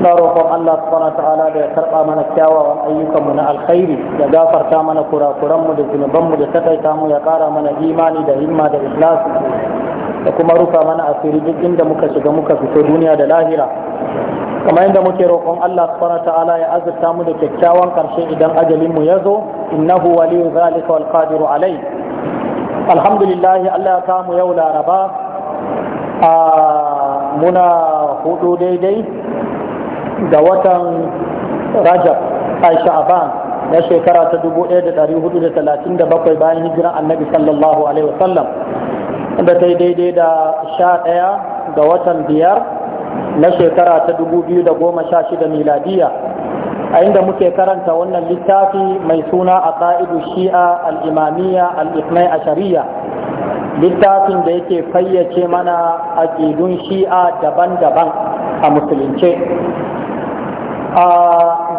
na roƙon Allah subhanahu wa ta'ala da ya karɓa mana kyawawan ayyukanmu na alkhairi ya gafarta mana kurakuranmu da zunubanmu da takaita mu ya ƙara mana imani da himma da ikhlas da kuma rufa mana asiri duk inda muka shiga muka fito duniya da lahira kamar inda muke roƙon Allah subhanahu ta'ala ya azurta mu da kyakkyawan karshe idan ajalin mu ya zo innahu waliyu zalika wal qadiru alai alhamdulillah Allah ya kamu yau laraba a ah, muna hudu daidai Da watan rajab a sha'aban na shekara ta 1437 bayan hijiran annabi sallallahu alaihi wasallam da ta yi daidai da sha ɗaya ga watan biyar na shekara ta 2016 miladiya a inda muke karanta wannan littafi mai suna a ƙa'idu shi'a al'imamiya al'ifnai a shari'a littafin da yake fayyace mana aƙidun shi'a daban-daban a musulunce a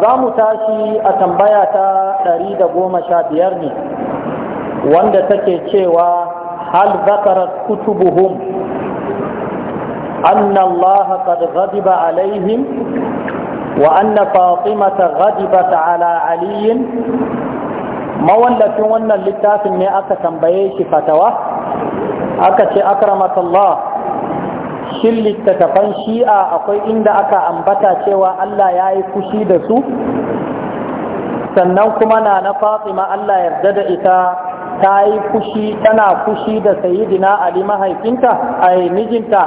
za mu tashi a tambaya ta ɗari da goma sha biyar ne wanda take cewa hal zakarar kutu buhun an Allah ka ba alaihim wa an na fafi mata zabi ba ta ala aliyin mawallafin wannan littafin ne aka tambaye shi fatawa aka ce akaramata Allah cikin littattafan shi'a akwai inda aka ambata cewa Allah ya yi fushi da su sannan kuma na na fatima Allah yarda da ita ta yi fushi tana fushi da sayidina ali mahaifinta a mijinta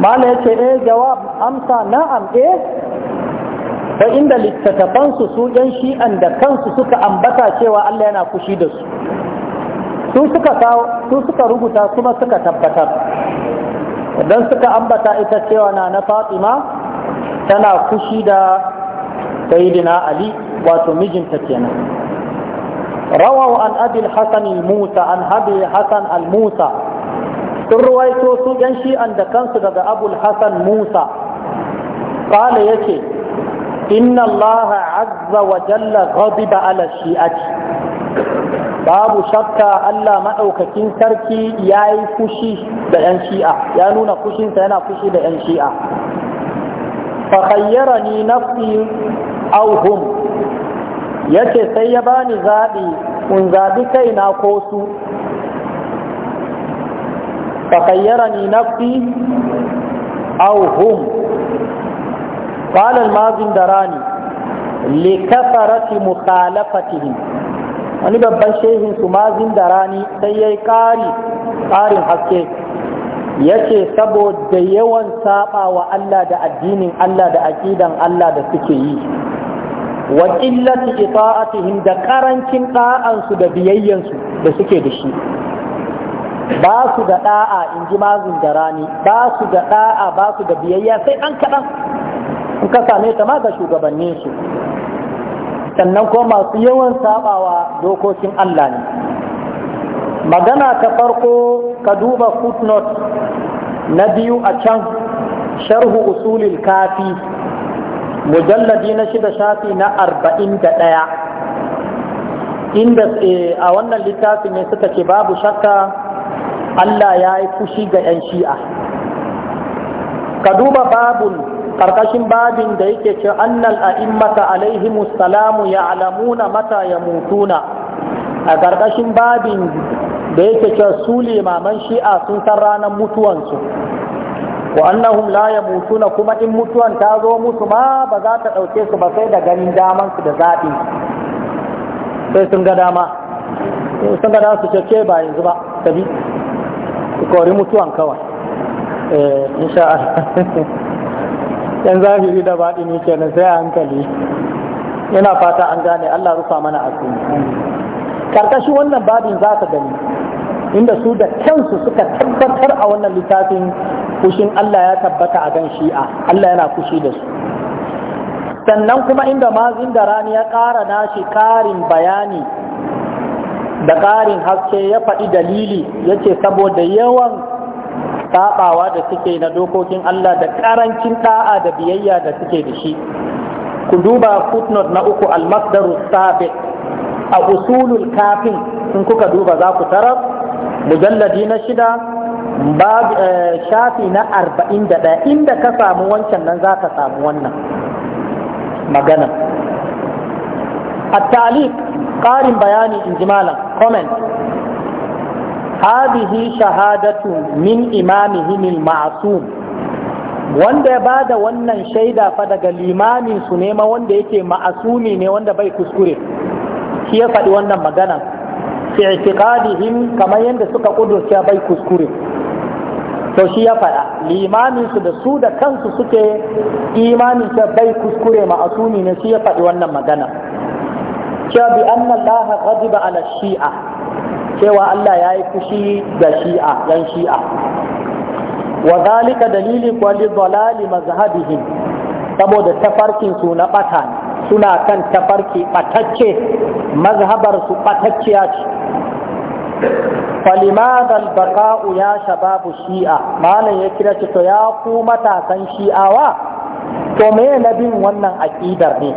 mala ya ce eh jawab amsa na'am eh ta inda littattafansu su yan shi'an da kansu suka ambata cewa Allah yana fushi da su su suka rubuta kuma suka tabbatar don suka ambata ita cewa na na fatima tana fushi da sayidina ali wato mijinta kenan rawau an abil hasan musa an habi hasan al musa sun ruwaito su yan shi an da kansu daga abulhasan musa kala yake inna allaha azza wa jalla ghadiba ala shi'ati babu shakka Allah maɗaukakin sarki ya yi fushi da ‘yan shi'a ya nuna fushinsa yana fushi da ‘yan shi'a fakayyara ni nafsi auhum yace sai ya bani zaɓi in zaɓi kaina ko su fakayyara ni nafsi auhum قال المازندراني لكثرة مخالفتهم wani babban shehin su mazin da rani sai ya yi ƙarin haske ya ce saboda yawan saba wa Allah da addinin Allah da aƙidan Allah da suke yi wa illati ita'atihim da ƙarancin ɗa'ansu da biyayyansu da suke da shi ba su da ɗa'a in ji mazin da rani ba su da ɗa'a ba su da biyayya sai ɗan kaɗan in ka same ta ma ga shugabanninsu sannan ko masu yawan sabawa dokokin Allah ne magana ta farko ka duba footnote na biyu a can sharhu usulil kafi mujalladi na shida shafi na arba'in da ɗaya inda eh, a wannan littafi ne suka ce babu shakka Allah ya yi fushi ga 'yan shi'a ka duba babu karkashin babin da yake ce annal a'immata alaihi musalamu alamuna mata ya mutuna, a karkashin babin da yake ce su limaman shi'a sun san ranar mutuwansu wa annahum la mutuna kuma in mutuwan ta zo musu ma ba za ta ɗauke su ba sai da ganin daman su da zaɓi sai sun ga dama sun ga su ce ba yanzu ba tabi kori mutuwan kawai eh, insha Allah yan zahiri da baɗi ne kenan sai a hankali yana fata an gane Allah rufa mana asiri karkashin wannan babin za ka gani inda su da kansu suka tabbatar a wannan littafin kushin Allah ya tabbata a gan shi'a Allah yana kushi da su sannan kuma inda mazin da rani ya ƙara nashi ƙarin bayani da ƙarin haske ya faɗi dalili ya ce saboda yawan saɓawa da suke na dokokin Allah da ƙarancin ɗa'a da biyayya da suke da shi ku duba footnote na uku almasdaru sabiq a usulul kafin in kuka duba za ku tarar mujalladi na shida eh, shafi na arba'in da ɗaya inda ka samu wancan nan za ka samu wannan magana a talib ƙarin bayani in ji malam comment hadihi shahadatu min imamihim al-ma'sum wanda ya bada wannan shaida fa daga limamin su ne ma wanda yake ma'asumi ne wanda bai kuskure shi ya faɗi wannan magana fi i'tiqadihim kamar yadda suka kudurce bai kuskure to shi ya faɗa limamin su da su da kansu suke imanin ta bai kuskure ma'asumi ne shi ya faɗi wannan magana cewa bi anna allaha ghadiba ala shi'a cewa Allah ya yi fushi da shi'a yan shi'a wa zalika dalili kuwa li mazhabihim saboda tafarkin su na bata suna kan tafarki batacce mazhabar su batacciya ce فلماذا ya يا شباب الشيعة ما لا يكرا to ya ku matasan shi'awa to me na bin wannan aƙidar ne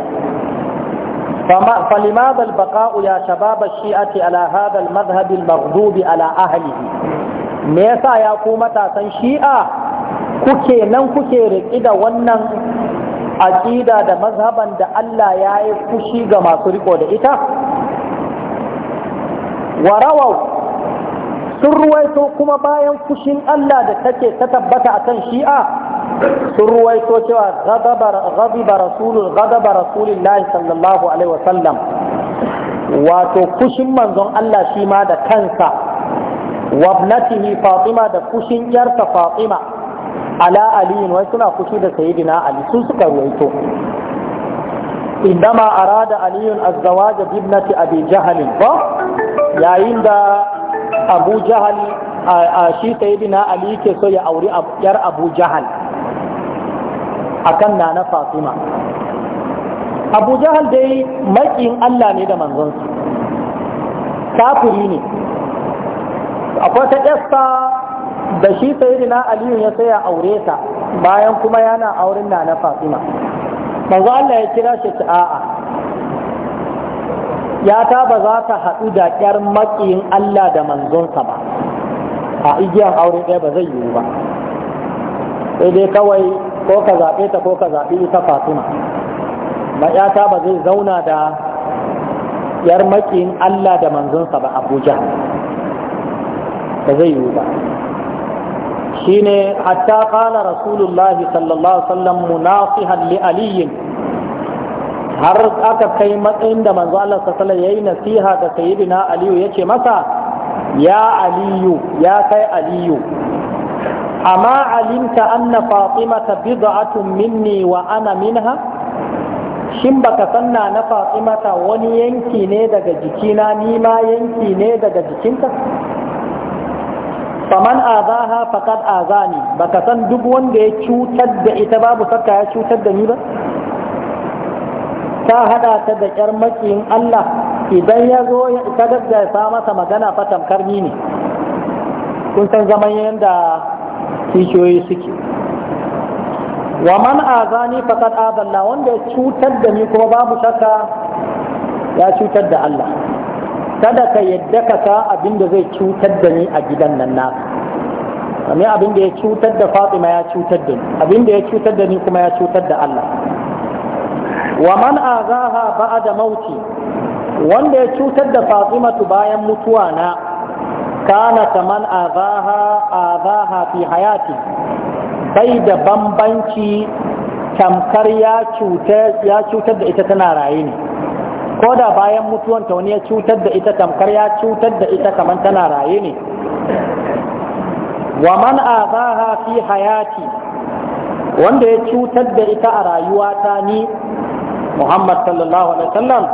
فلماذا البقاء يا شباب الشيعة على هذا المذهب المغضوب على أهله ميسا يا كومة شيعة كوكي نن كوكي رئيدا ونن أكيدا دا مذهبا دا ألا يا كوشي ما سرقوا دا إتا ورووا sun ruwaito kuma bayan fushin Allah da take ta tabbata akan shi'a sun ruwaito cewa ghadiba rasulul ghadaba rasulillahi sallallahu alaihi wasallam wato kushin manzon Allah shi ma da kansa wabnatihi fatima da kushin yarta fatima ala aliyin wai suna kushi da sayyidina ali sun suka ruwaito indama arada aliyun azzawaja bibnati abi jahal ba yayin da abu jahal a shi sayyidina ali ke so ya auri yar abu jahal akan nana fatima abu jahal dai makiyin allah ne da manzonsa kafiri ne akwai ta ƙasta da shi na aliyu ya saya aure ta bayan kuma yana auren nana fatima manzo allah ya kira shi a'a ya ta ba za ta haɗu da ƙyar maƙiyin Allah da manzonsa ba a igiyan aure ɗaya ba zai yiwu ba sai dai kawai ko ka zaɓe ta ko ka zaɓi ita fatima ma'yata ba zai zauna da yar makin Allah da manzonsa ba abuja ba zai yiwu ba shi ne hatta kala rasulullah sallallahu sallam munasihan li aliyin har aka kai matsayin da manzo Allah sallallahu ya yi nasiha ga sayyidina aliyu ya ce masa ya aliyu ya kai aliyu amma alimta anna fatimata bid'atun minni wa ana minha shin baka sanna na fatimata wani yanki ne daga jikina ni ma yanki ne daga jikinta faman azaha faqad azani baka san duk wanda ya cutar da ita babu saka ya cutar da ni ba ta hada ta da kyar makiyin Allah idan ya zo ya ta gaggasa masa magana fa tamkar ni ne kun san zaman yanda kishiyoyi suke wa man azani faqad adalla wanda ya cutar da ni kuma babu shakka ya cutar da Allah kada ka yadda ka sa abin da zai cutar da ni a gidan nan na. kamar abin da ya cutar da Fatima ya cutar da ni abin da ya cutar da ni kuma ya cutar da Allah wa man azaha ba'da mauti wanda ya cutar da Fatima bayan mutuwa na kana kaman azaha azaha fi hayati bai da bambanci tamkar ya cutar da ita tana raye ne ko da bayan mutuwan ta wani ya cutar da ita tamkar ya cutar da ita kaman tana raye ne wa man azaha fi hayati wanda ya cutar da ita a rayuwa ta ni Muhammad sallallahu alaihi wasallam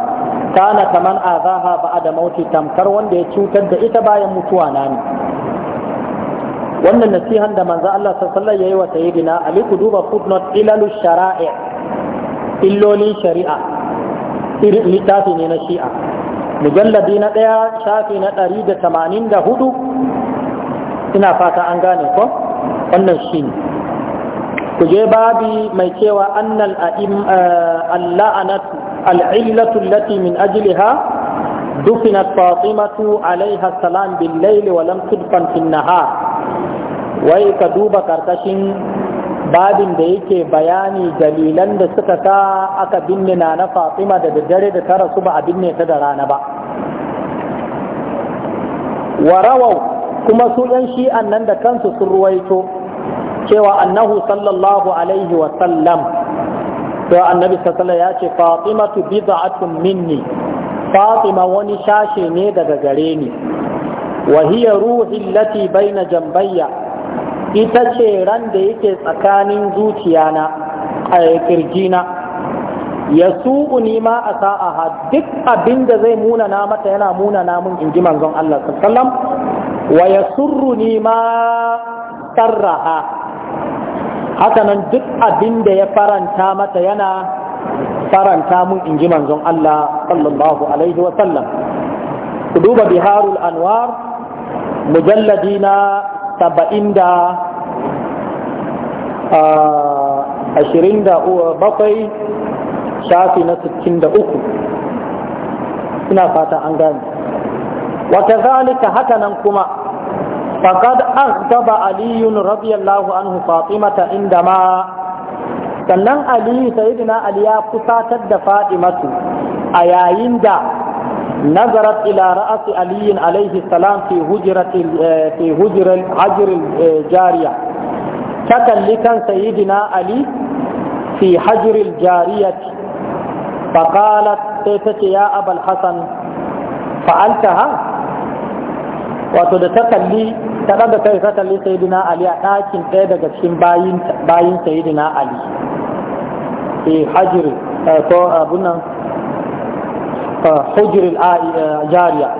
kana kaman azaha ba'da mauti tamkar wanda ya cutar da ita bayan mutuwa na ne wannan nasihan da manzo Allah sallallahu alaihi wa sayyidina Ali ku duba footnote ilalu shara'i illolin shari'a littafi ne na shi'a mujalladi na ɗaya shafi na ɗari da tamanin da hudu ina fata an gane ko wannan shi ne ku je babi mai cewa annal eh, alla'anatu العلة التي من أجلها دفنت فاطمة عليها السلام بالليل ولم تدفن في النهار ويكدوب كركشن babin da yake bayani dalilan da suka sa aka binne na na fatima da daddare da tara su ba a binne ta da rana ba warawau kuma su yan shi'an nan da kansu sun ruwaito cewa annahu sallallahu alaihi wasallam to annabi sallallahu ya ce fatimatu bid'atun minni fatima wani shashe ne daga gare ni wa hiya ruhi lati baina jambayya ita ce ran da yake tsakanin zuciyana a kirjina ya suku ni ma a duk abin da zai muna mata yana munana mun in ji manzon Allah sallallahu wa yasurru ni ma sarraha hakanan duk abin da ya faranta mata yana faranta mun in ji manzon Allah sallallahu alaihi wa sallam ku duba biharul anwar mujalladi na saba'in ashirin da bakwai shafi na sittin da uku ina fata an gani gane wa kazalika hakanan kuma faqad aghdaba ali radiyallahu anhu fatimata indama sannan ali sayyidina ali ya kusatar da fatimatu a yayin da nazarat ila ra'asi ali alaihi salam fi hujrati fi hujral hajr jariya ta kalli kan sayyidina ali fi hajr jariyati faqalat sai tace ya abul hasan fa'altaha wato da ta kalli ta ɗaga kai ta kalli sayidina ali a ɗakin ɗaya daga cikin bayin sayidina ali e hajir eh, ko abun nan eh, hujir eh, jariya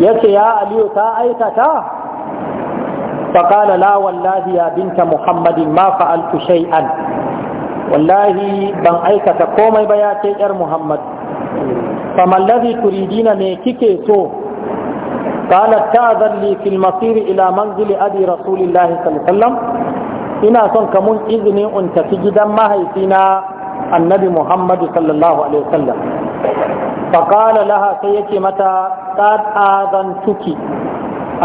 ya ce ya aliyu ta aikata faƙala la wallahi ya binta muhammadin ma fa'altu shay'an wallahi ban aikata komai ba ya ce yar muhammad faman lazi turidina me kike so قالت تأذن لي في المصير إلى منزل أبي رسول الله صلى الله عليه وسلم إنا صن كمون إذني أنت في جدا ما هيتنا النبي محمد صلى الله عليه وسلم فقال لها سيتي متى قد آذنتك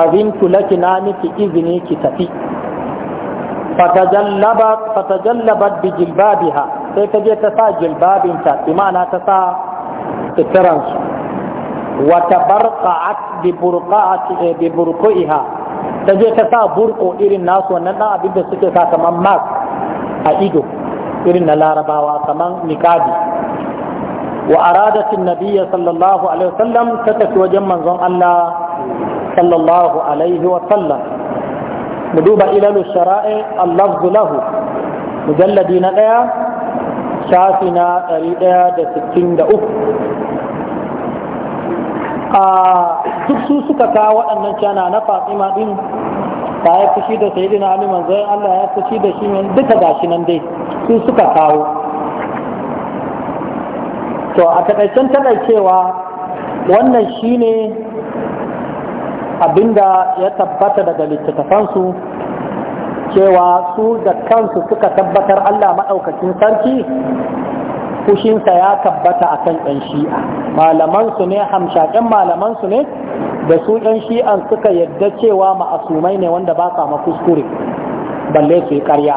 أذنت لك نامك إذني كتفي فتجلبت فتجلبت بجلبابها سيتجي تسا جلباب بمعنى تسا تترنسو watabarqa'at bi burqa'ati bi burqiha ta je ta sa burko irin nasu wannan dan abin da suke sa kaman mask a ido irin na larabawa kaman niqabi wa aradat an-nabiyya sallallahu alaihi wasallam ta tafi wajen manzon Allah sallallahu alaihi wa sallam. mu duba ilalu shara'i al-lafzu lahu mujalladi na daya shafi na 163 duk su suka kawo waɗannan cana na fatima ɗin ta ya fushi da sai dina ali zai Allah ya fushi da shi min duka gashi nan dai su suka kawo to a taƙaicen takaicewa wannan shine abinda ya tabbata daga littattafansu cewa su da kansu suka tabbatar Allah maɗaukacin sarki fushinsa ya tabbata a kan ɗan shi'a malamansu ne hamshaƙen malamansu ne da su ɗan shi'an suka yadda cewa ma'asumai ne wanda ba sa makuskure balle su yi ƙarya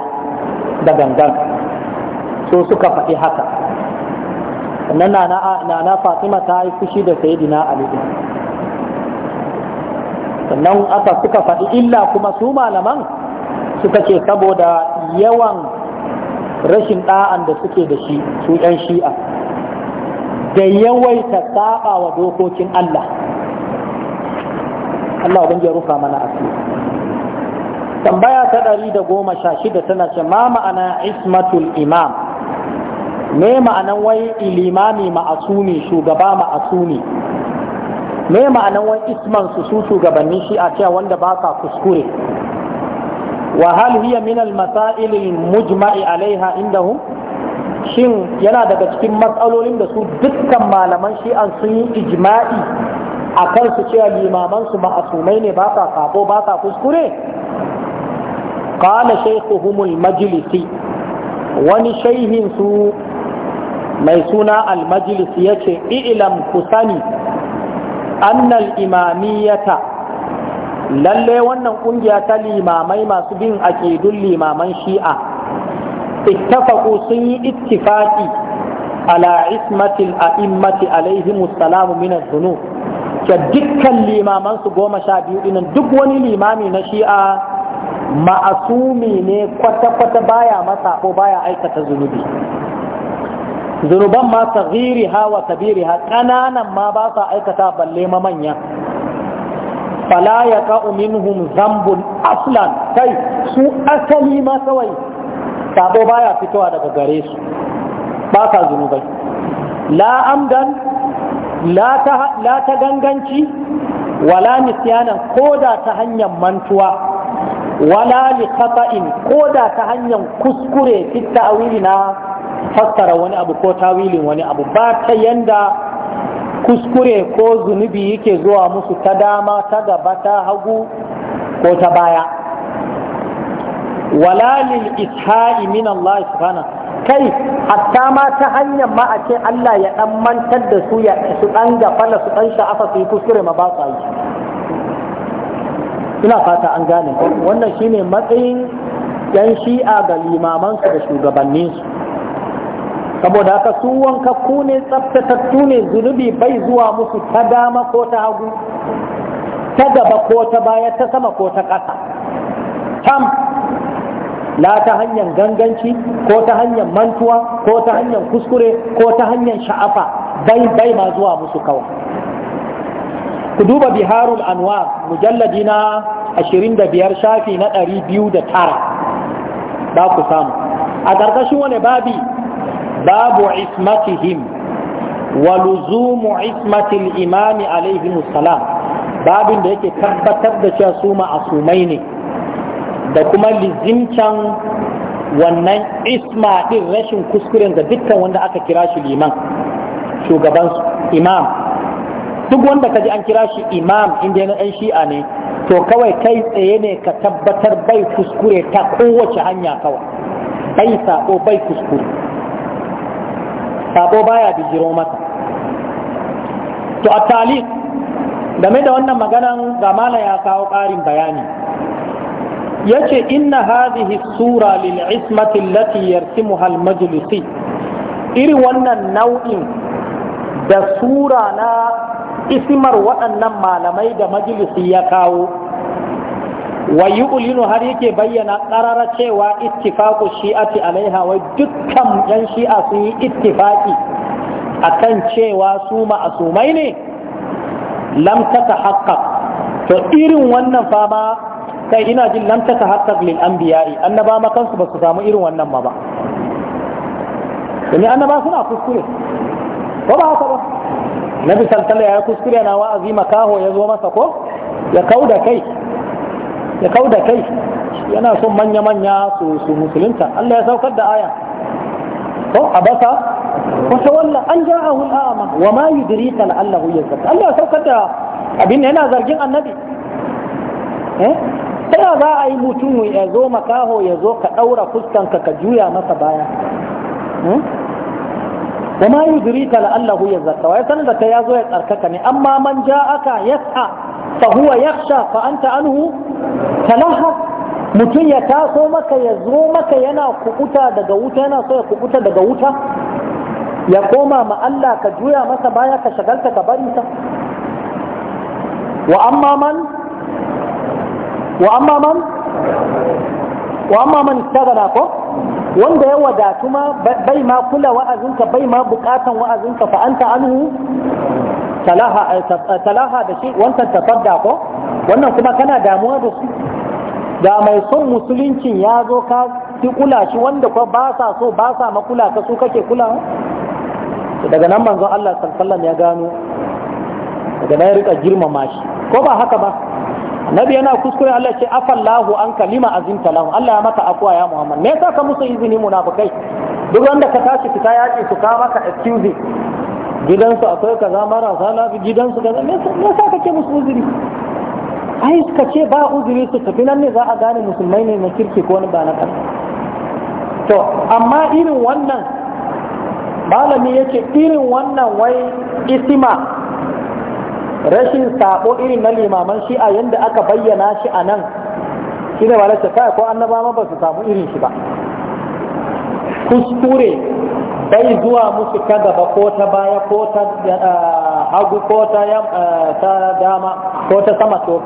da gangan so suka faɗi haka sannan Nana fatima ta yi fushi da sayidina ali sannan aka suka faɗi illa kuma su malaman suka ce saboda yawan rashin ɗa'an da suke da shi su ‘yan shi'a da yawaita saba wa dokokin Allah Allah wa ya rufa mana asiri tambaya ta ɗari da goma sha shida tana ce ma ma'ana ismatul imam me ma'anan wai ilimami ne shugaba ne me ma'anan wai isman su su shugabannin a cewa wanda ba sa kuskure wa hal hiya min al masail al mujma'i alaiha shin yana daga cikin matsalolin da su dukkan malaman shi'an sun yi ijma'i a kan su cewa limaman su ma'asumai ne ba sa sabo ba sa kuskure qala shaykhuhum majlisi wani shaihin su mai suna al majlisi yace ilam kusani annal imamiyata lalle wannan kungiya ta limamai masu bin aƙidun limaman shi'a ittafaqu sun yi ittifaqi ala ismatil a'immati alaihi musallamu min adh-dhunub dukkan limaman su goma sha biyu dinan duk wani limami na shi'a ma'asumi ne kwata-kwata baya masa ko baya aikata zunubi zunuban ma sagiri ha wa kabiri ha ƙananan ma ba sa aikata balle ma manya fala ya ka'u minhum zambun aslan kai su asali ma kawai sabo baya fitowa daga gare su ba ka la amdan la ta ganganci wala nisyanan ko da ta hanyar mantuwa wala li khata'in ko da ta hanyar kuskure fi ta'wili na fassara wani abu ko tawilin wani abu ba ta yanda kuskure ko zunubi yake zuwa musu ta dama ta gaba ta hagu ko ta baya walalil isha'i min Allah subhanahu kai hatta ma ta hanyar ma Allah ya dan mantar da su ya su dan gafala su dan sha'afa su yi kuskure ma ba su yi ina fata an gane wannan shine matsayin yan shi'a ga limamansu da shugabanninsu saboda haka su ku ne tsaftatattu ne zunubi bai zuwa musu ta dama ko ta hagu ta gaba ko ta baya ta sama ko ta ƙasa tam la ta hanyar ganganci ko ta hanyar mantuwa ko ta hanyar kuskure ko ta hanyar sha'afa bai bai ma zuwa musu kawai ku duba biharul anwar mujalladi na 25 shafi na 209 ba ku samu a ƙarƙashin wani babi babu ismatihim wa luzumu ismatil imami alaihi musalam babin da yake tabbatar da cewa su ma'asumai ne da kuma lizimcan wannan isma din rashin kuskuren da dukkan wanda aka kira liman shugaban imam duk wanda ka ji an kira shi imam inda na ɗan shi'a ne to kawai kai tsaye ne ka tabbatar bai kuskure ta kowace hanya kawai bai sako bai kuskure sabo baya bijiro masa to a tali game da wannan maganan gamala ya kawo ƙarin bayani ya ce inna hadhihi sura lil ismati allati yarsimuha al majlisi irin wannan nau'in da sura na isimar waɗannan malamai da majlisi ya kawo wa yu'linu har yake bayyana qarara cewa ittifaqu shi'ati alaiha wai dukkan yan shi'a sun yi ittifaqi akan cewa su ma'asumai ne lam tatahaqqaq to irin wannan fa ba kai ina jin lam tatahaqqaq lil anbiya'i annaba ma kansu ba su samu irin wannan ba ba domin annaba suna kuskure ko ba haka ba nabi sallallahu alaihi wasallam ya kuskure na wa'azi makaho ya zo masa ko ya kauda kai ya kau da kai yana son manya-manya su su musulunta Allah ya saukar da aya to abasa wa walla an ja ja'ahu al-a'ma wa ma yudrika la'allahu yazakka Allah ya saukar da abin yana zargin annabi eh ta za a yi mutum ya zo makaho ya zo ka daura fuskanka ka juya masa baya hmm? wa ma yudrika la'allahu yazakka wai sanin da kai ya zo ya tsarkaka ne amma man ja aka yas'a fa huwa yakhsha fa anta anhu talahha mutum ya taso maka ya zo maka yana kukuta daga wuta yana so ya kukuta daga wuta ya koma ma Allah ka juya masa baya ka shagalta ka bari ta wa amma man wa amma man wa amma man tagana ko wanda ya wadatu ma bai ma kula wa'azinka bai ma bukatan wa'azinka fa anta anhu talaha eh, eh, da shi wancan tafadda ko wannan kuma kana damuwa da su da mai son musuluncin ya zo ka fi kula shi wanda kuma ba sa so ba sa makula ka su kake kula daga nan manzon Allah sallallahu ya gano daga nan rika girmama shi ko ba haka ba nabi yana kuskure Allah ce afallahu an kalima azim talahu Allah ya maka akwa ya Muhammad me yasa ka musu izini munafikai duk wanda ka tashi fita yaki su ka maka excuse gidansu akwai kaza marasa lafi gidansu kaza me yasa kake musu uzuri ai suka ce ba uzuri su tafi nan ne za a gane musulmai ne na kirki ko wani ba na kan to amma irin wannan malami yake irin wannan wai isima rashin sabo irin na limaman shi a yadda aka bayyana shi a nan shi ne malar ta ko annaba ma ba su samu irin shi ba kuskure bai zuwa musu ta gaba ko ta baya ko ta hagu ko eh, ta dama ko ta sama to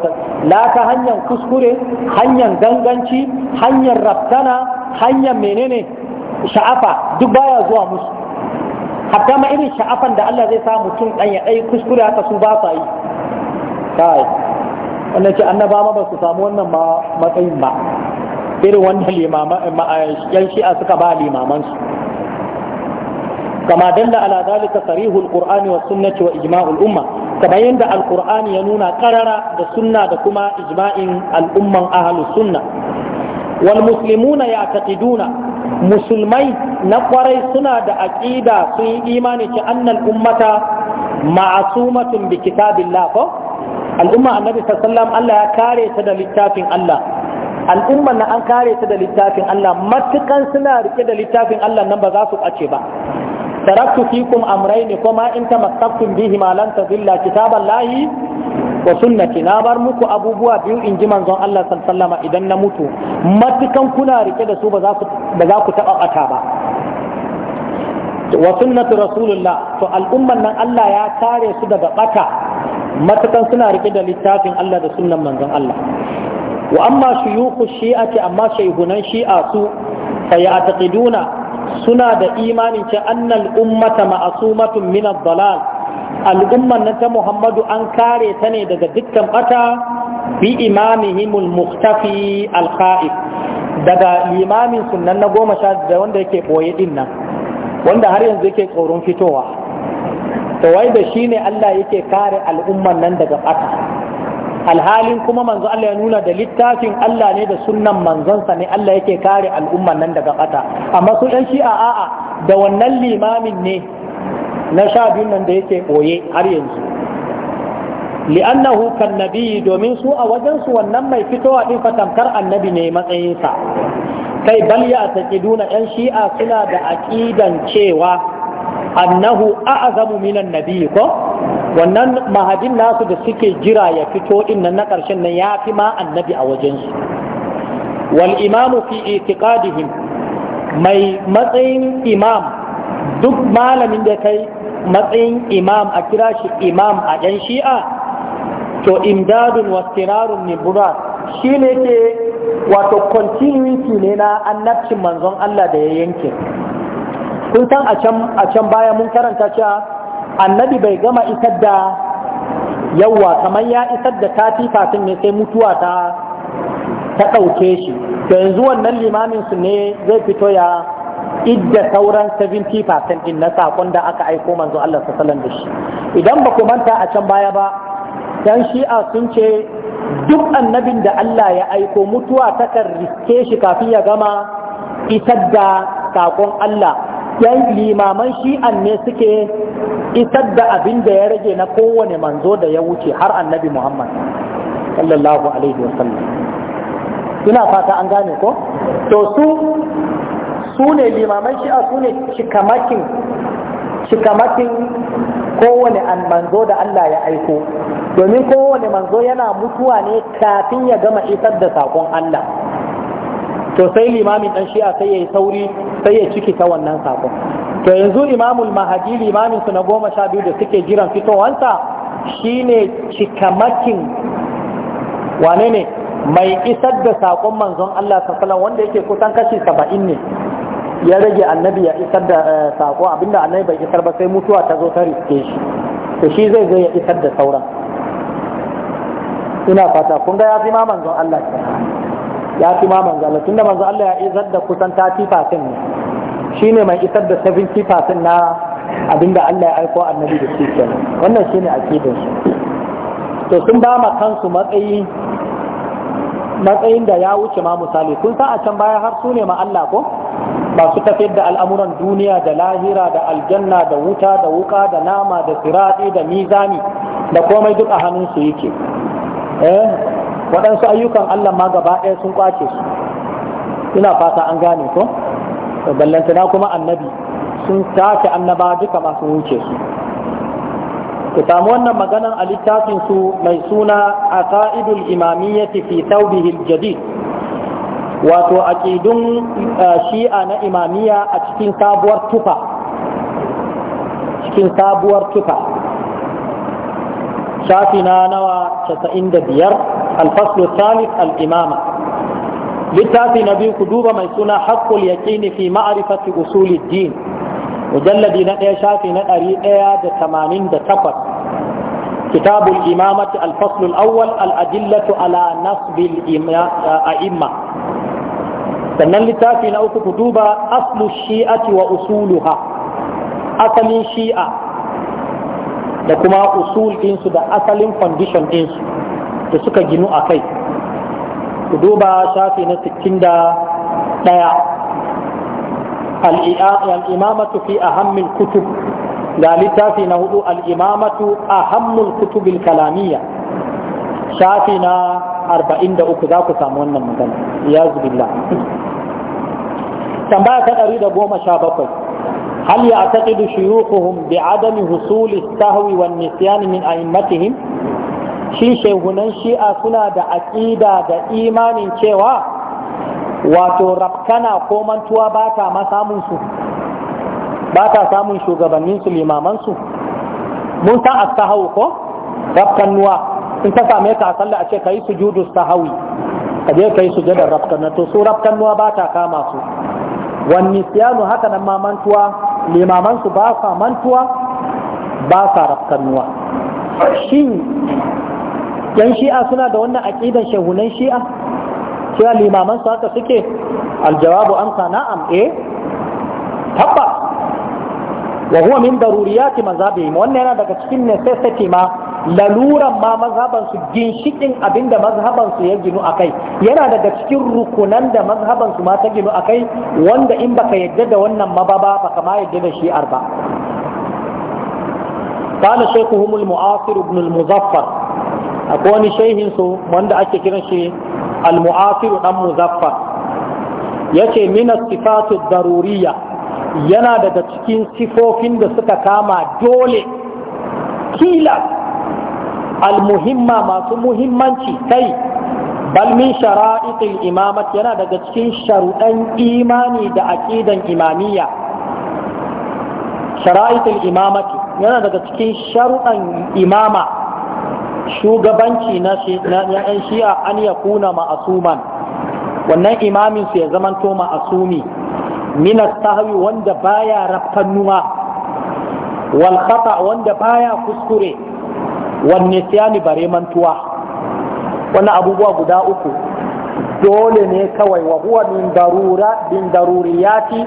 la ta hanyar kuskure hanyar ganganci hanyar raftana hanyar menene sha'afa duk baya zuwa musu hatta ma irin sha'afan da Allah zai sa mutum ɗan ya ɗai kuskure haka su ba sa yi kai wannan ce annaba ma ba su samu wannan matsayin ba irin wannan limaman eh, yan shi'a suka ba limaman su. kama dalla ala zalika sarihul qur'ani was sunnati wa ijma'ul umma kama yanda alqur'ani ya nuna karara da sunna da kuma ijma'in al'umman ahlus sunna wal muslimuna ya'taqiduna musulmai na kwarai suna da aqida sun yi imani ci annal ummata ma'asumatun bi kitabillah ko al'umma annabi sallallahu Allah ya kare ta da littafin Allah al'umman na an kare ta da littafin Allah matukan suna rike da littafin Allah nan ba za su ɓace ba taraktu fikum amrayni kuma in tamassaktum bihima lan tadilla kitaballahi wa sunnati na bar muku abubuwa biyu in ji manzon Allah sallallahu idan na mutu matukan kuna rike da su ba za ku ba za taba bata ba wa sunnatu rasulullah to al'ummar nan Allah ya kare su daga bata matukan suna rike da littafin Allah da sunnan manzon Allah wa amma shuyukhu shi'ati amma shayhunan shi'a su fa ya'taqiduna suna da imanin ce annal ummata ma'asumatun min dalal Al'ummar nan ta Muhammadu an kare ta ne daga dukkan bata bi imamihimul muhtafi al daga limamin sunan na goma sha da wanda yake boye din nan wanda har yanzu yake tsoron fitowa to wai da shine Allah yake kare al'ummar nan daga bata alhalin kuma manzo Allah ya nuna da littafin Allah ne da sunnan manzonsa ne Allah yake kare al'umman nan daga bata amma su ɗan shi'a a'a da wannan limamin ne na sha biyun nan da yake ɓoye har yanzu li'annahu kan nabi domin su a wajen su wannan mai fitowa din fatamkar annabi ne matsayinsa kai bal ya taƙiduna 'yan shi'a suna da aƙidan cewa annahu a'zamu minan nabi ko wannan mahadin nasu da suke jira ya fito din nan na karshen nan ya fi ma annabi a wajen wajensu wal imamu fi itiqadihim mai matsayin imam duk malamin da kai matsayin imam a kira shi imam a yan shi'a to imdadun wastirarun nibura shi ne ke wato continuity ne na annabcin manzon Allah da ya yanke kun san a can baya mun karanta cewa annabi bai gama isar da yawa kamar ya isar da tafi kafin ne sai mutuwa ta ta ɗauke shi to yanzu wannan limamin su ne zai fito ya idda sauran 70% din na sakon da aka aiko manzo Allah sallallahu da shi idan ba ku manta a can baya ba dan shi'a sun ce duk annabin da Allah ya aiko mutuwa ta riske shi kafin ya gama isar da sakon Allah yan limaman shi'an ne suke isar da abin da ya rage na kowane manzo da ya wuce har annabi muhammad sallallahu alaihi wasallam ina fata an gane ko to su su ne limaman shi'a su ne cikamakin cikamakin kowane an manzo da Allah ya aiko domin kowane manzo yana mutuwa ne kafin ya gama isar da sakon Allah to sai limamin dan shi'a sai yayi sauri sai ya ciki ta wannan sakon to yanzu imamul mahadi limamin su na goma sha biyu da suke jiran fitowansa shine cikamakin wane ne mai isar da sakon manzon Allah sallallahu wanda yake kusan kashi 70 ne ya rage annabi ya isar da eh, sako abinda annabi bai isar ba sai mutuwa ta zo ta riske shi to shi zai zo ya isar da sauran ina fata kun ga ya fi ma manzon Allah kenan ya fi ma manzo Allah tunda manzo Allah ya izar da kusan 30% ne shine mai isar da 70% na abinda Allah ya aiko annabi da shi kenan wannan shine akidar su to sun ba ma kansu matsayi matsayin da ya wuce ma misali kun san a can baya har su ne ma Allah ko ba su tafiyar da al'amuran duniya da lahira da aljanna da wuta da wuka da nama da sirati da mizani da komai duk a hannun su yake eh waɗansu ayyukan Allah ma gaba ɗaya sun kwace su ina fata an gane ko ballantana kuma annabi sun tace annaba duka masu wuce su ku samu wannan maganan a littafin su mai suna aqaidul imamiyyati fi thawbihi jadid wato aqidun eh, shi'a na imamiyya a cikin sabuwar tufa cikin sabuwar tufa shafi na nawa 95 الفصل الثالث الإمامة للتافي نبي كدوبة ميسونا حق اليقين في معرفة أصول الدين مجلد نقيا شافي نقري إيا دتمانين دتفت كتاب الإمامة الفصل الأول الأدلة على نصب الأئمة sannan littafi na uku ku duba aslu shi'ati wa usuluha asalin shi'a da kuma usul ɗinsu da asalin condition ɗinsu da suka ginu a kai ku duba shafi na 61 al'imamatu fi ahammin kutub ga littafi na hudu al'imamatu ahammul kutubin kalamiya shafi na 43 za ku samu wannan magana ya zubilla tambaya ta 117 هل يعتقد شيوخهم بعدم حصول السهو والنسيان من أئمتهم shi shehunan shi'a suna da aƙida da imanin cewa wato rafkana ko mantuwa ba ta ma su? ba ta samun shugabanninsu limamansu mun san astahawu ko rafkannuwa in ta same ka a a ce ka yi sujudu sahawi ka je ka yi sujudar rafkannuwa to su rafkannuwa ba ta kama su wani siyanu haka nan ma mantuwa limamansu ba sa mantuwa ba sa rafkannuwa shin yan shi'a suna da wannan aqidan shahunan shi'a cewa limaman su haka suke aljawabu amsa na'am eh tabba wa huwa min daruriyati mazhabihim wannan yana daga cikin necessity ma laluran ma su ginshikin abinda su ya ginu a kai yana daga cikin rukunan da su ma ta ginu a kai wanda in baka yadda da wannan mababa baka ma yadda da shi'ar ba قال شيخهم المعاصر ابن المظفر akwai wani shehinsu wanda ake kiran shi al-mu'afir dan muzaffar yace mina sifatu daruriyya yana daga cikin sifofin da suka kama dole kila al-muhimma masu muhimmanci kai bal min al imamat yana daga cikin sharudan imani da aqidan imamiyya shara'itil imamati yana daga cikin sharuɗan imama shugabanci na ‘yan shi'a an ya kuna ma'asuman wannan imamin su ya zamanto ma'asumi minas tahawi wanda baya rafkannuwa wal wanda baya kuskure wanne siya ni bare mantuwa wannan abubuwa guda uku dole ne kawai wa huwa min darura bin daruriyati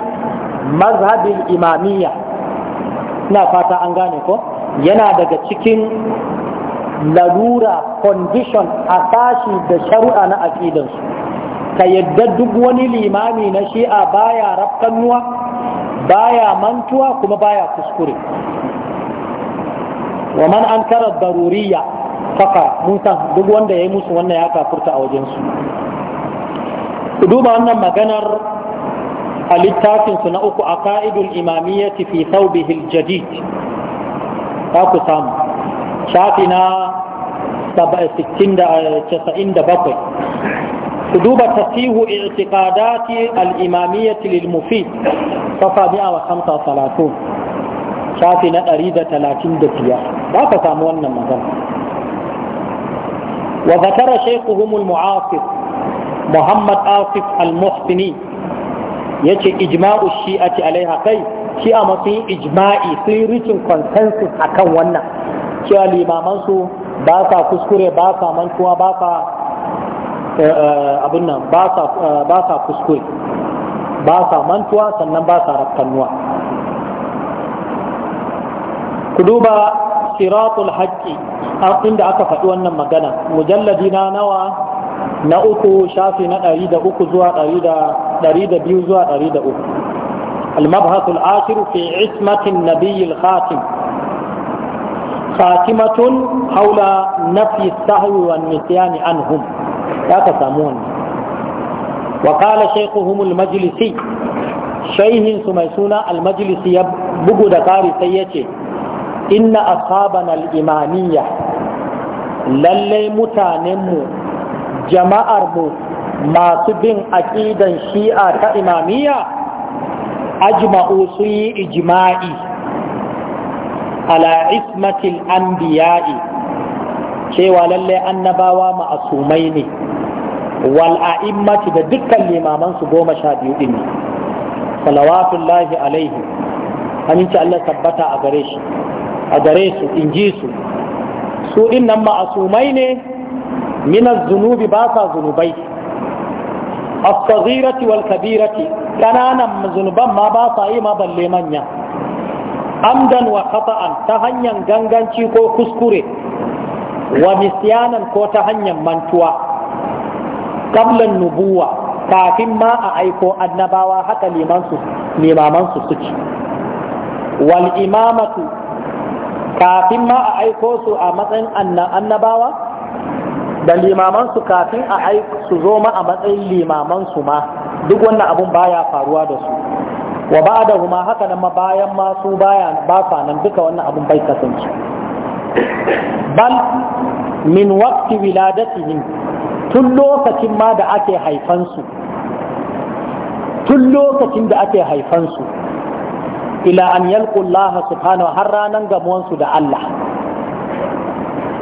mazhabin imamiyya ina fata an gane ko yana daga cikin larura condition a sashi da shari'a na aƙidansu ka yadda duk wani limami na shi'a baya rafkannuwa baya mantuwa kuma baya kuskure wa man ankara daruriya kafa mun duk wanda ya yi musu wannan ya kafurta a wajensu ku duba wannan maganar a littafinsu na uku a ka'idul imamiyyati fi thawbihil jadid za ku samu شافنا سبع ستين تسعين دبقي كدوبة تفيه اعتقادات الإمامية للمفيد صفا مئة وخمسة وثلاثون شافنا أريد ثلاثين دبيا لا تساموان مثلا وذكر شيخهم المعاصر محمد آصف المحسني يأتي إجماع الشيئة عليها كيف شيئة مصير إجماعي سيريتون كونسنسس أكون cewa limamansu ba sa kuskure ba sa mantuwa ba sa eh, eh, abin nan eh, ba sa kuskure ba sa mantuwa sannan ba sa rakkannuwa ku duba siratul haqqi inda aka faɗi wannan magana mujalladi na nawa na uku shafi na ɗari da uku zuwa ɗari da biyu zuwa ɗari da uku المبحث العاشر في عصمة النبي الخاتم khatimatun haula nafi sahwi wa nisyani anhum ya ka samu wannan wa qala shaykhuhum al-majlisi shayhin su mai suna al-majlisi ya bugu da kari sai yace inna ashabana al-imaniyya lalle mutanenmu jama'ar mu masu bin aqidan shi'a ta imamiyya ajma'u su yi ijma'i ala ismatil anbiya'i cewa lalle annabawa ma'asumai ne wal a'immati da dukkan limaman su goma sha biyu din ne salawatullahi alaihi aminci Allah tabbata a gare shi a gare su in ji su su din nan ma'asumai ne minas zunubi ba sa zunubai as-saghirati wal kabirati kananan zunuban ma ba sa yi ma balle manya amdan wa khata'an ta hanyar ganganci ko kuskure wa misyanan ko ta hanyar mantuwa qablan nubuwa kafin ma a aiko annabawa haka limamansu suke wal imamatu kafin ma a aiko su a matsayin annabawa da limamansu kafin a aiko su zo ma a matsayin limamansu ma duk wannan abun baya faruwa da su wa ba'dahuma haka nan bayan ma baya ba sa nan duka wannan abun bai kasance bal min waqti wiladatihim tun lokacin ma da ake haifansu tun lokacin da ake haifansu ila an yalqu Allah subhanahu har ranan gamuwansu da Allah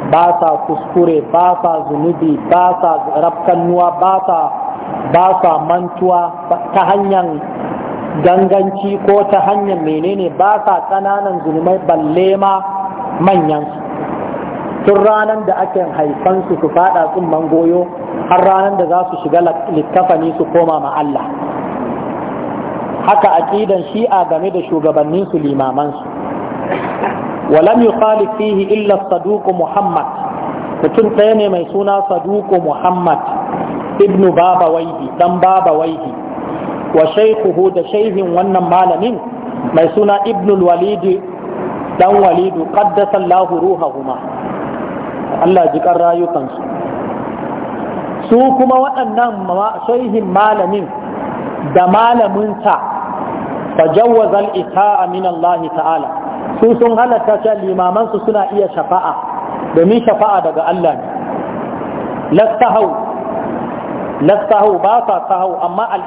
ba sa kuskure ba sa zunubi ba sa rafkannuwa ba ba sa mantuwa ta hanyar ganganci ko ta hanyar menene ba sa ƙananan zulmai balle ma manyansu tun ranar da ake haifansu su fada tsumman goyo har ranar da za su shiga littafani su koma ma Allah haka aƙidan shi'a game da shugabannin shugabanninsu limamansu walam yuqali fihi illa saduku muhammad mutum ɗaya ne mai suna saduku muhammad ibnu baba waidi dan baba waidi wa shaykhuhu da shaihin wannan malamin mai suna ibnul dan walidu qaddasa Allah ruhahuma Allah ji rayukansu su kuma waɗannan shaihin malamin da malaminta ta jawwaza al-ita'a min Allah ta'ala su sun halatta cewa limaman su suna iya shafa'a domin shafa'a daga Allah ne lastahu basa ba sa amma al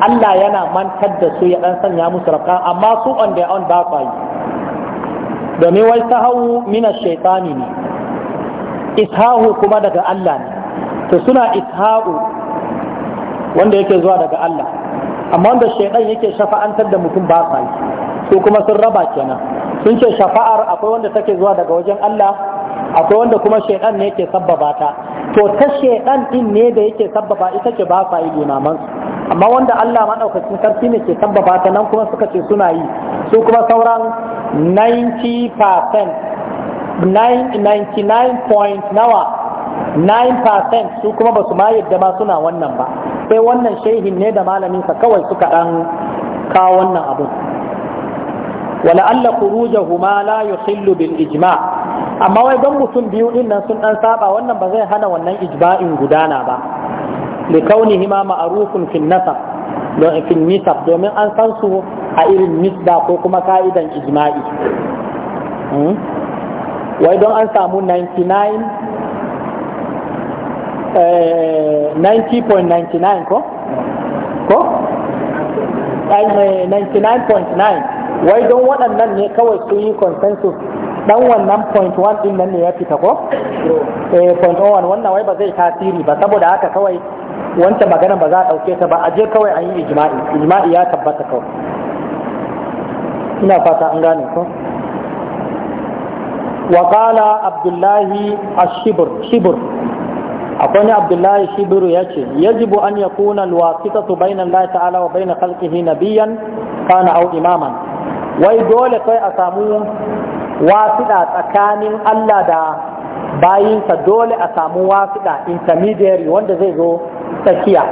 Allah yana mantar da su ya dan sanya musu rafka amma su on their own ba sa yi domin wai sahawu mina shaitani ne ishahu kuma daga Allah ne to suna ishahu wanda yake zuwa daga Allah amma wanda shaitan yake shafa'antar da mutum ba sa yi su kuma sun raba kenan sun ce shafa'ar akwai wanda take zuwa daga wajen Allah akwai wanda kuma shaitan ne yake sabbaba ta to ta shaitan din ne da yake sabbaba ita ce ba sa yi limamansu amma wanda Allah maɗaukacin sarki ne ke tabbata ta nan kuma suka ce suna yi su kuma sauran 90% 99 nawa 9% su kuma ba su ma yadda ma suna wannan ba sai wannan shehin ne da malaminsa kawai suka ɗan kawo wannan abu wala'alla kuruja humala la yuhillu bil ijma amma wai don mutum biyu din nan sun ɗan saba wannan ba zai hana wannan ijba'in gudana ba da kauni ma ma'arufun fin nasab don fin domin an san su a irin nisba ko kuma ka'idan ijma'i wai don an samu 99 90.99 ko ko 99.9 wai don waɗannan ne kawai su yi consensus dan wannan point one din nan ne ya fita ko eh point oh one wannan wai ba zai tasiri ba saboda haka kawai wancan magana ba za a dauke ta ba a je kawai an yi ijma'i ijma'i ya tabbata kawai ina fata an gane ko wa qala abdullahi ash-shibr akwai ne abdullahi shibiru ya ce yajibu an yakuna alwasitatu bayna Allah ta'ala wa bayna khalqihi nabiyan kana au imaman wai dole kai a samu wasiɗa tsakanin Allah da bayinsa dole a samu wasiɗa intermediary wanda zai zo tsakiya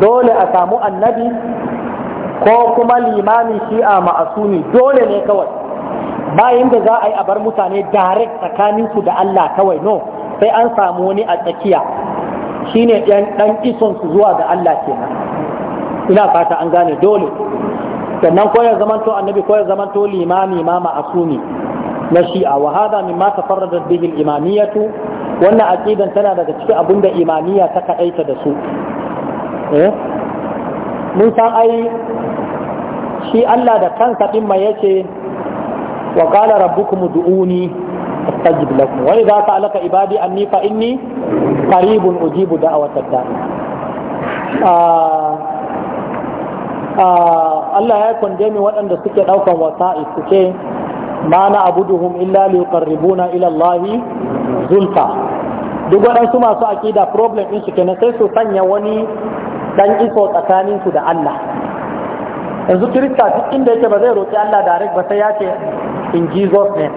dole a samu annabi ko kuma limamin shi'a ma'asuni dole ne kawai bayan da za a yi a bar mutane direct tsakaninsu da Allah kawai no sai an samu wani a tsakiya shine ɗan ison su zuwa ga Allah kenan ina fata an gane dole sannan koyar zamanto annabi koyar zamanto limami ma ma'asumi na shi'a wa hada mimma tafarradat bihi al-imamiyatu wannan aqidan tana daga cikin da imamiyya ta kadaita da su eh mun san ai shi Allah da kansa din mai yace wa qala rabbukum du'uni astajib lakum wa idza sa'alaka ibadi anni fa inni qaribun ujibu da'watad da'i ah, Ah, Allah ya kwanje mi waɗanda suke ɗaukar wasa suke ma na duhun illa li yuqarribuna zulfa duk waɗansu masu aƙida problem ɗin su kenan sai su sanya wani ɗan iso tsakanin da Allah yanzu kirista duk inda yake ba zai roƙi Allah direct ba sai ya ce in Jesus name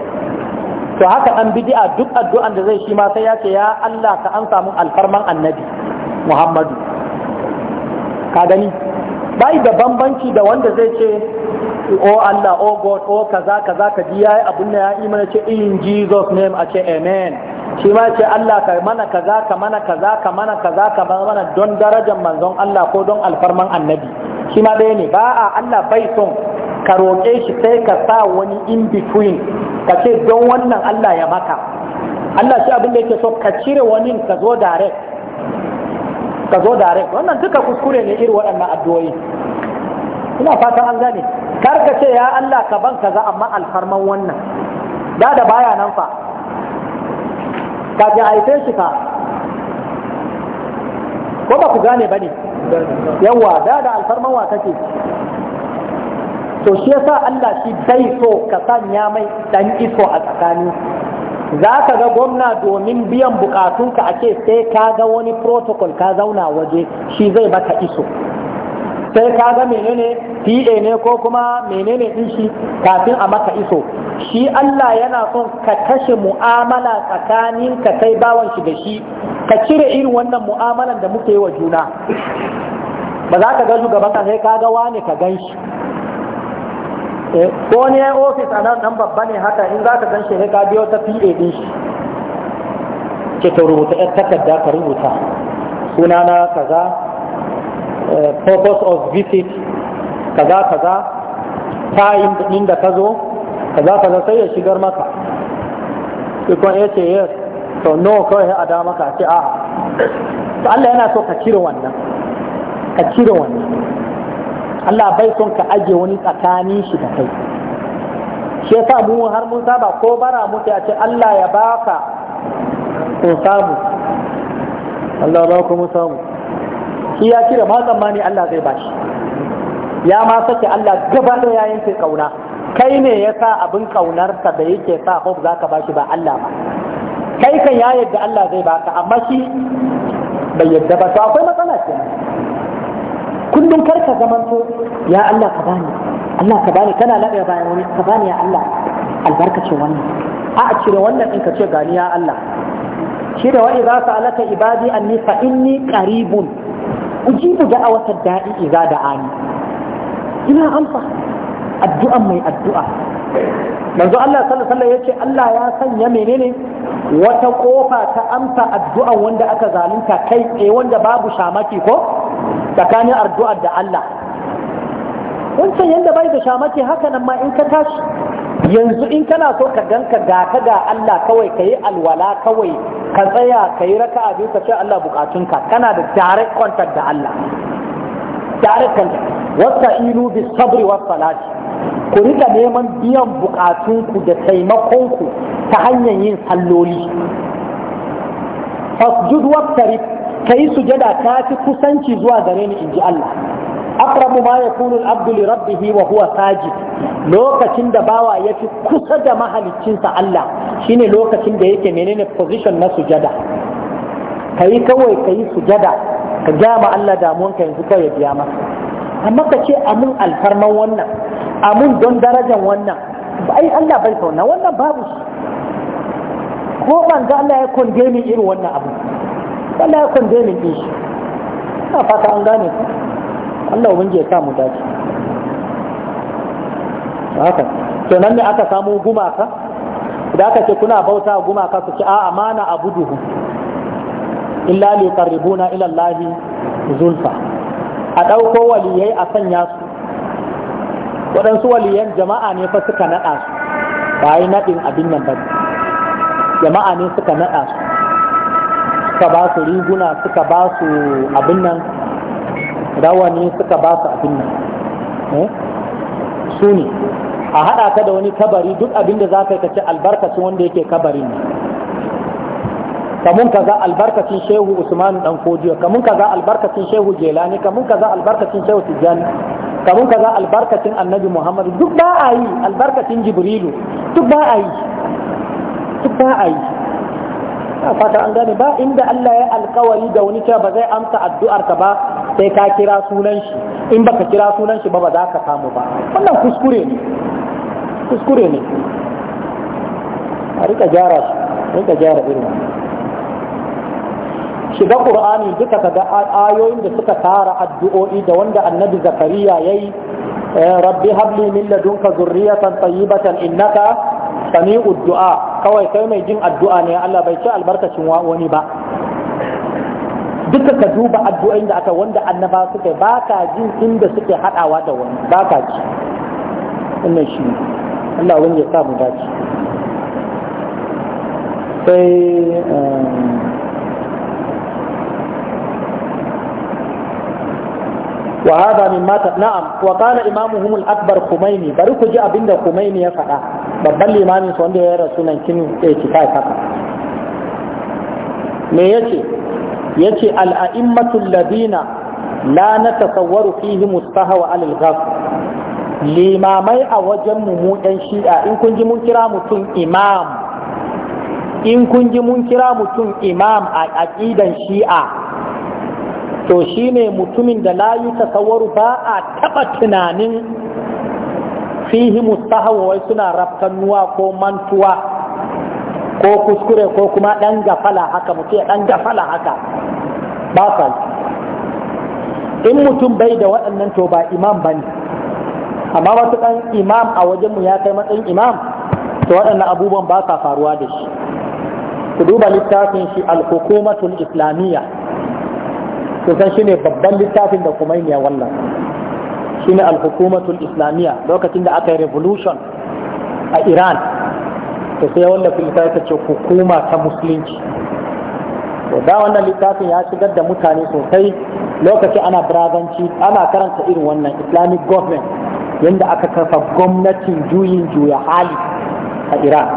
to haka an bid'a duk addu'an da zai shi ma sai ya ce ya Allah ka an samu alfarman annabi Muhammadu ka gani bai da bambanci da wanda zai ce o Allah o God o kaza kaza ka ji yayi abun da ya mana ce in Jesus name a amen shi ma ce Allah ka mana kaza ka mana kaza ka mana kaza ka mana don darajar manzon Allah ko don alfarman annabi shi ma ɗaya ne ba a Allah bai son ka roƙe shi sai ka sa wani in between ka ce don wannan Allah ya maka Allah shi abin da yake so ka cire wani ka zo direct ka zo dare wannan duka kuskure ne irin waɗannan addu'o'i ina fatan an gane kar ka ce ya Allah ka ban kaza amma alfarman wannan da da baya nan fa kafin haife shi fa ko ba ku gane ba ne yawa da da alfarman wa kake to shi yasa Allah shi bai so ka sanya mai dan iso a tsakani za ka ga gwamna domin biyan bukatunka a ce sai ka ga wani protocol ka zauna waje shi zai baka iso sai ka ga menene PA ne ko kuma menene din shi kafin a maka iso shi Allah yana son ka kashe mu'amala tsakanin ka kai bawan shi da shi ka cire irin wannan mu'amalan da muke yi wa juna ba za ka ga shugaban ka sai ka ga wane ka gan shi Eh, ko wani ya ofis a nan dan babba ne haka in za ka ganshi shi ka biyo ta PA din shi ce to rubuta yar takarda ka rubuta suna na kaza eh, purpose of visit kaza kaza time din da ka zo kaza kaza sai ya shigar maka ikon ya ce yes to no kawai a da maka ce a'a to Allah yana so ka cire wannan ka cire wannan Allah bai son ka ajiye wani tsakanin shi da kai shi yasa mu har mun saba ko bara muke a ce Allah ya baka ko samu Allah ba ku mu samu shi ya kira ma tsammani Allah zai bashi ya ma sake Allah gaba da yayin sai kauna kai ne ya sa abin kaunarsa da yake sa hope ka bashi ba Allah ba kai kan ya yadda Allah zai baka amma shi bai yadda ba to akwai matsala kenan kullum kar ka zamanto ya Allah ka bani Allah ka bani kana labe bayan wani ka bani ya Allah albarkacin wannan a cire wannan in ka ce gani ya Allah shi da wa'i za ka alaka ibadi anni fa inni qaribun ujibu da'awata da'i idza da'ani ina amsa addu'a mai addu'a manzo Allah sallallahu alaihi yace Allah ya sanya menene wata kofa ta amsa addu'a wanda aka zalunta kai tsaye wanda babu shamaki ko tsakanin addu'ar da Allah wancan yadda bai da shamaki haka nan ma in ka tashi yanzu in kana so ka ganka ga ka ga Allah kawai ka yi alwala kawai ka tsaya ka yi raka abin ka ce Allah bukatunka kana da direct contact da Allah direct contact wata ilu bi sabri wa salati ku rika neman biyan bukatunku da taimakonku ta hanyar yin salloli fasjud waqtarib ka yi sujada ta fi kusanci zuwa gare ni in ji Allah aqrabu ma yakunu al-abdu li rabbih wa huwa sajid lokacin da bawa ya fi kusa da mahaliccinsa Allah shine lokacin da yake menene position na sujada Ka yi kawai ka yi sujada ka jama Allah damuwanka yanzu kawai ya biya masa. amma ka ce amun alfarman wannan amun don darajar wannan ai Allah bai kauna wannan babu shi ko ban ga Allah ya konde ni irin wannan abu Allah ya kwandemin din shi ina fata an gane ku Allah ubangiji ya sa mu dace haka to nan ne aka samu gumaka da aka ce kuna bauta gumaka su ce a amana abuduhu illa li qarribuna ila Allah zulfa a dauko waliyai a sanya su waɗansu waliyan jama'a ne fa suka naɗa su ba yi naɗin abin nan ba jama'a ne suka naɗa su suka ba su riguna suka ba su abin nan rawani suka ba su abin nan eh? su ne a haɗa ka da wani kabari duk abin da za ka yi ka ce albarkacin wanda yake kabarin ne kamun kaza albarkacin shehu usman dan kodiyo kamun kaza albarkacin shehu jelani kamun kaza albarkacin shehu tijjani kamun kaza albarkacin annabi Muhammadu, duk ba a yi albarkacin jibrilu duk ba a yi duk ba a yi ka fata an gane ba inda Allah ya alkawari da wani cewa ba zai amsa addu'ar ka ba sai ka kira sunan shi in baka kira sunan shi ba ba za ka samu ba wannan kuskure ne kuskure ne a rika gyara shi rika gyara irin shiga qur'ani duka kaga ayoyin da suka tara addu'o'i da wanda annabi zakariya yayi eh, rabbi habli min ladunka zurriyatan tayyibatan innaka sami'ud du'a kawai kai mai jin addu'a ne Allah bai ci albarkacin wani ba duka ka duba addu'o'in da aka wanda annaba suka ba ka jin inda suke hadawa da wani ba ka ji wannan shi Allah wani ya sa mu dace sai وهذا مما نعم وقال إمامهم الأكبر خميني بركوا جاء بند خميني يفعل babban limamin su wanda ya rasu 1985 haka me yace yace al'a'immatul ladina la natasawwaru fihi mustahawa alal ghaf limamai a wajen mu mu ɗan shi'a in kun ji mun kira mutum imam in kun ji mun kira mutum imam a aqidan shi'a to shi ne mutumin da layu tasawwaru ba a taɓa tunanin fihi mustahawa wai suna rafkanuwa ko mantuwa ko kuskure ko kuma ɗan gafala haka mutum ya ɗan gafala haka ba in mutum bai da waɗannan to ba imam ba amma wasu ɗan imam a wajenmu ya kai matsayin imam to waɗannan abubuwan ba sa faruwa da shi ku duba littafin shi al-hukumatul islamiyya to shine shine babban littafin da kuma ya wallan shine al-hukumatul islamiyya lokacin da aka yi revolution a iran to sai wallafa littafi ta ce hukuma ta musulunci to da wannan littafin ya shigar da mutane sosai lokaci ana brabanci ana karanta irin wannan islamic government yadda aka kafa gwamnatin juyin juya hali a iran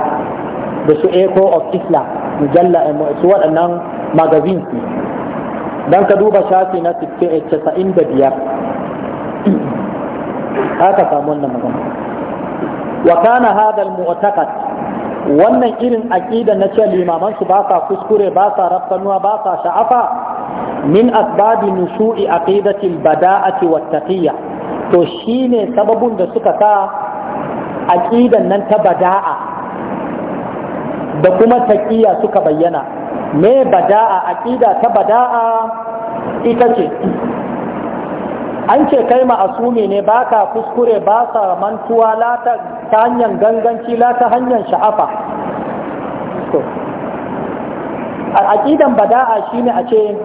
da su echo of islam mujalla eh, su waɗannan magazin don ka duba shafi na 95 haka samu wannan magana wa kana hada al wannan irin aqida na cewa limaman su ba sa kuskure ba sa basa ba sa sha'afa min asbabi nushu'i aqidati al-bada'ati to shine sababun da suka sa aqidan nan ta bada'a da kuma taqiyya suka bayyana me bada'a aqida ta bada'a ita ce an ce kai asumi ne ba ka kuskure ba sa mantuwa lata ta hanyar ganganci lata hanyar sha'afa a aƙidan bada'a shine a ce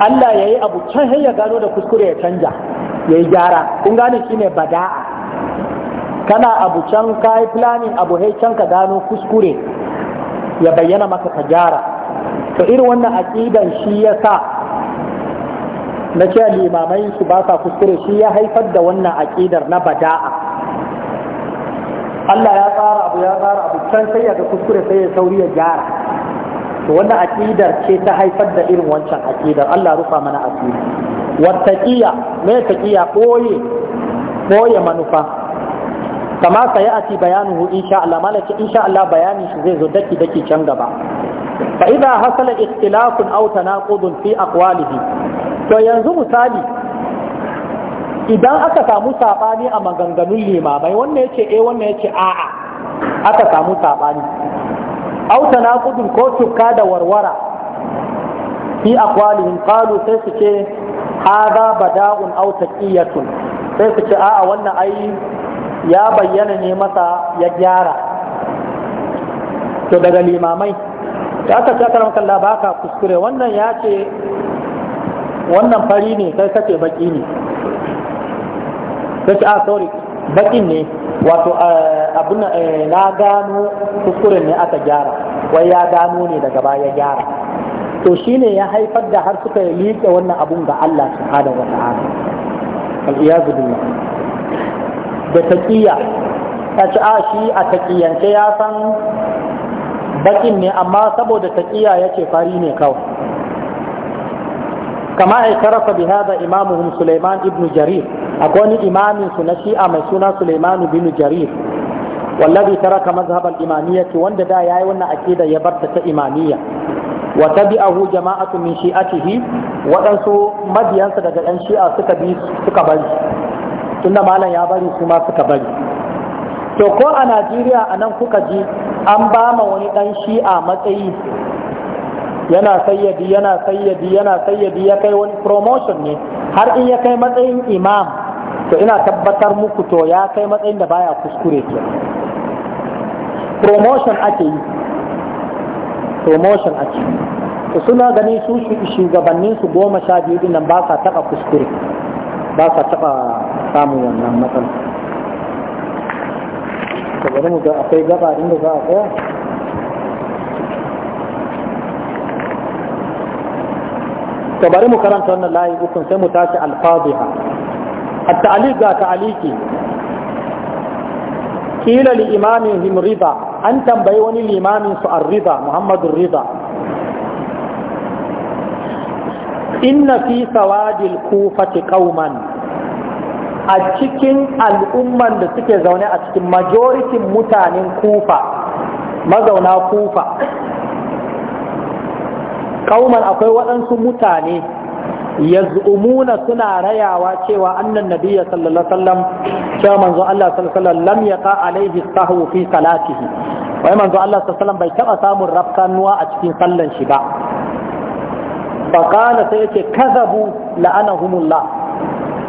Allah ya yi abu can ya gano da kuskure ya canja ya yi gyara kun gane shine bada'a kana abu can ka yi planning abu hai can ka gano kuskure ya bayyana maka ka gyara to irin wannan aƙidan shi ya sa na ce limamai su ba sa kuskure shi ya haifar da wannan aƙidar na bada'a Allah ya tsara abu ya tsara abu can sai ya ga kuskure sai ya sauri ya gyara to wannan aƙidar ce ta haifar da irin wancan aƙidar Allah rufa mana asiri wattaqiya me taqiya boye boye manufa kama sai a ci bayanuhu insha Allah malaka insha Allah bayanin shi zai zo daki daki can gaba fa idza hasala ikhtilafun aw tanaqudun fi aqwalihi to yanzu misali idan aka samu saɓani a maganganun limamai wannan ya ce eh, wannan ya ce a'a aka samu saɓani auta na kudin ko tukka da warwara fi in kalu sai su ce hada bada'un auta kiyatun sai su ce a'a wannan ai ya bayyana ne masa ya gyara to daga limamai ta aka ce aka ba ka kuskure wannan ya ce wannan fari ne kai kace baki ne kace a ah, sorry bakin ne wato eh, abun eh, na gano kuskuren ne aka gyara wai ya gano ne daga baya gyara to shine ya haifar da har suka liƙe wannan abun ga Allah subhanahu wa ta'ala al-iyazu billah da taqiya ta ci a ah, shi a taƙiyance ya san bakin ne amma saboda taƙiya ya ce fari ne kawai kama aikarasa bi hada imamuhum Sulaiman ibn Jarir akwai wani imamin su na Shi'a mai suna Sulaiman ibn Jarir wallazi ta raka al-imamiyya wanda da ya yi wannan akida ya barta ta imamiyya wa tabi'ahu jama'atu min shi'atihi waɗansu mabiyansa daga ɗan shi'a suka bi suka bari malam ya bari su ma suka bari to ko a Najeriya a nan kuka ji an ba ma wani ɗan shi'a matsayi yana sayyadi yana sayyadi yana sayyadi ya kai wani promotion ne har in ya kai matsayin imam to ina tabbatar muku to ya kai matsayin da baya kuskure ke promotion ake yi promotion ake yi to suna gani su shugabannin su goma sha biyu din nan ba sa taba kuskure ba sa taba samun wannan matsala. Ka bari mu ga akwai gaba inda za a tsaya. to bari mu karanta wannan layi ukun sai mu tashi al-fadiha at-ta'liq ga ta'liqi kila li him rida an tambayi wani limamin su ar-rida muhammadur rida inna fi sawadil kufati qauman a cikin al'umman da suke zaune a cikin majoritin mutanen kufa mazauna kufa kauman akwai waɗansu mutane yaz'umuna suna rayawa cewa annan nabiyya sallallahu alaihi wasallam cewa manzo Allah sallallahu alaihi wasallam lam yaqa alaihi sahwu fi salatihi wai manzo Allah sallallahu bai taɓa samun rafkanuwa a cikin sallan shi ba fa qala sai yace kadhabu la'anahumullah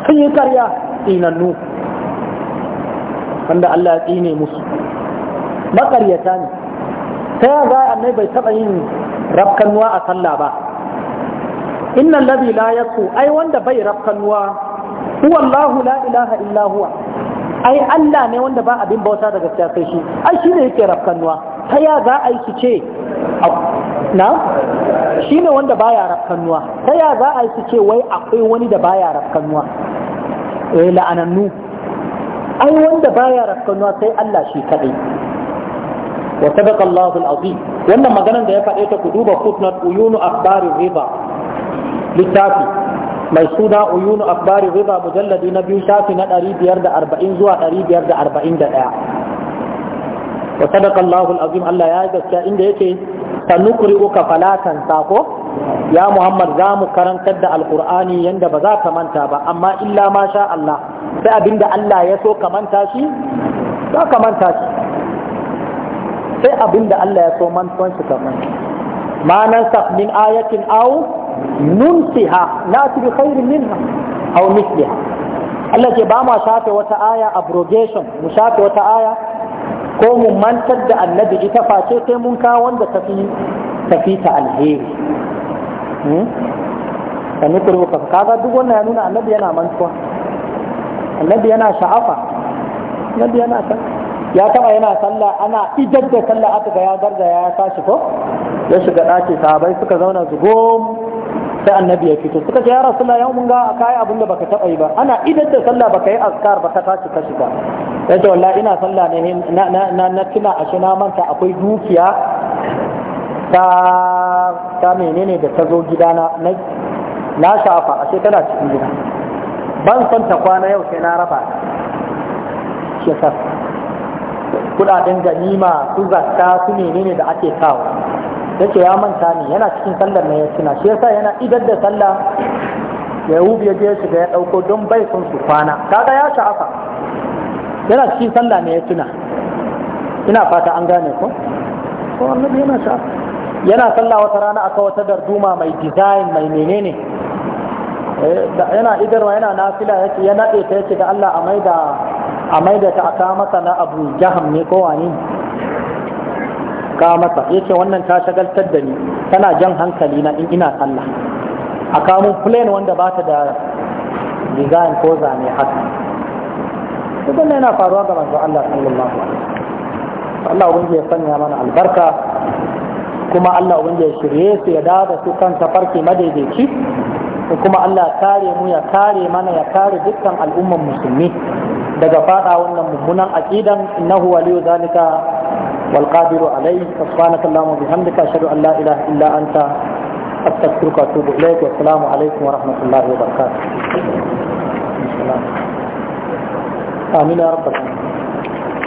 sun yi karya tsinannu wanda Allah ya tsine musu makaryata ne sai ya za annai bai taɓa yin rafkanuwa a sallah ba innan labi la ya ai wanda bai rafkanuwa huwa Allahu la ilaha illa huwa ai Allah ne wanda ba abin bauta da gaskiya sai shi ai shi ne yake rafkanuwa ta ya za a yi su ce na shi ne wanda baya rafkanuwa ta ya za a yi su ce wai akwai wani da baya rafkanuwa eh la'anannu ai wanda baya rafkanuwa sai Allah shi kadai wa sadaqa Allahu al-azim wannan maganar da ya faɗe ta ku duba footnote uyunu akhbari riba littafi mai suna uyunu akhbari riba mujalladi na biyu shafi na 540 zuwa 541 wa sadaqa Allahu al-azim Allah ya gaskiya inda yake sanuqri'uka uka falatan sako ya Muhammad za mu karantar da alkur'ani yadda ba za ka manta ba amma illa ma sha Allah sai abinda Allah ya so ka manta shi za ka manta shi sai abin da Allah ya so mantuwan shi kamar ma nan min ayatin aw nunsiha na bi khairin minha aw misliha Allah ce ba ma shafe wata aya abrogation mu shafe wata aya ko mu mantar da annabi ita face sai mun kawo wanda tafi tafi ta alheri hmm? sani kurbu ka kaga duk wannan ya nuna annabi yana mantuwa annabi yana sha'afa annabi yana sha'afa ya taba yana sallah ana idar da sallah aka ga ya garga ya tashi ko ya shiga ɗaki sahabbai suka zauna su zugum sai annabi ya fito suka ce ya rasulullah yau mun ga kai abin da baka taba yi ba ana idar da sallah baka yi azkar baka tashi ka shiga yace wallahi ina sallah ne na na na tuna ashe na manta akwai dukiya ta ta menene da ta zo gidana na na shafa ashe tana cikin gida ban san ta kwana yau sai na raba shi kudaden ganima su zakka su menene da ake kawo yace ya manta ne yana cikin sallar ne ya tuna shi yasa yana idar da sallah ya rubi ya je shiga ya dauko don bai sun su kwana kaga ya sha'afa yana cikin sallah ne ya tuna ina fata an gane ko ko annabi yana sha'afa yana sallah wata rana aka wata darduma mai design mai menene eh, yana idarwa yana nafila yake ya nade ta yace da Allah a maida a mai da ta aka masa na abu jaham ne ko wani ka masa ya ce wannan ta shagaltar da ni tana jan hankali na in ina sallah a kamun plane wanda ba ta da design ko zane haka duk wannan yana faruwa ga manzo Allah sallallahu alaihi wasallam Allah ubangi ya sanya mana albarka kuma Allah ubangi ya shirye su ya dada su kan tafarki madaidaici kuma Allah ya kare mu ya kare mana ya kare dukkan al'umman musulmi daga fada wannan mummunan aqidan innahu waliyu zalika wal qadiru alayhi subhanaka allahumma bihamdika ashhadu an la ilaha illa anta astaghfiruka wa atubu ilayk wa assalamu alaikum wa rahmatullahi wa barakatuh amin ya rabbal alamin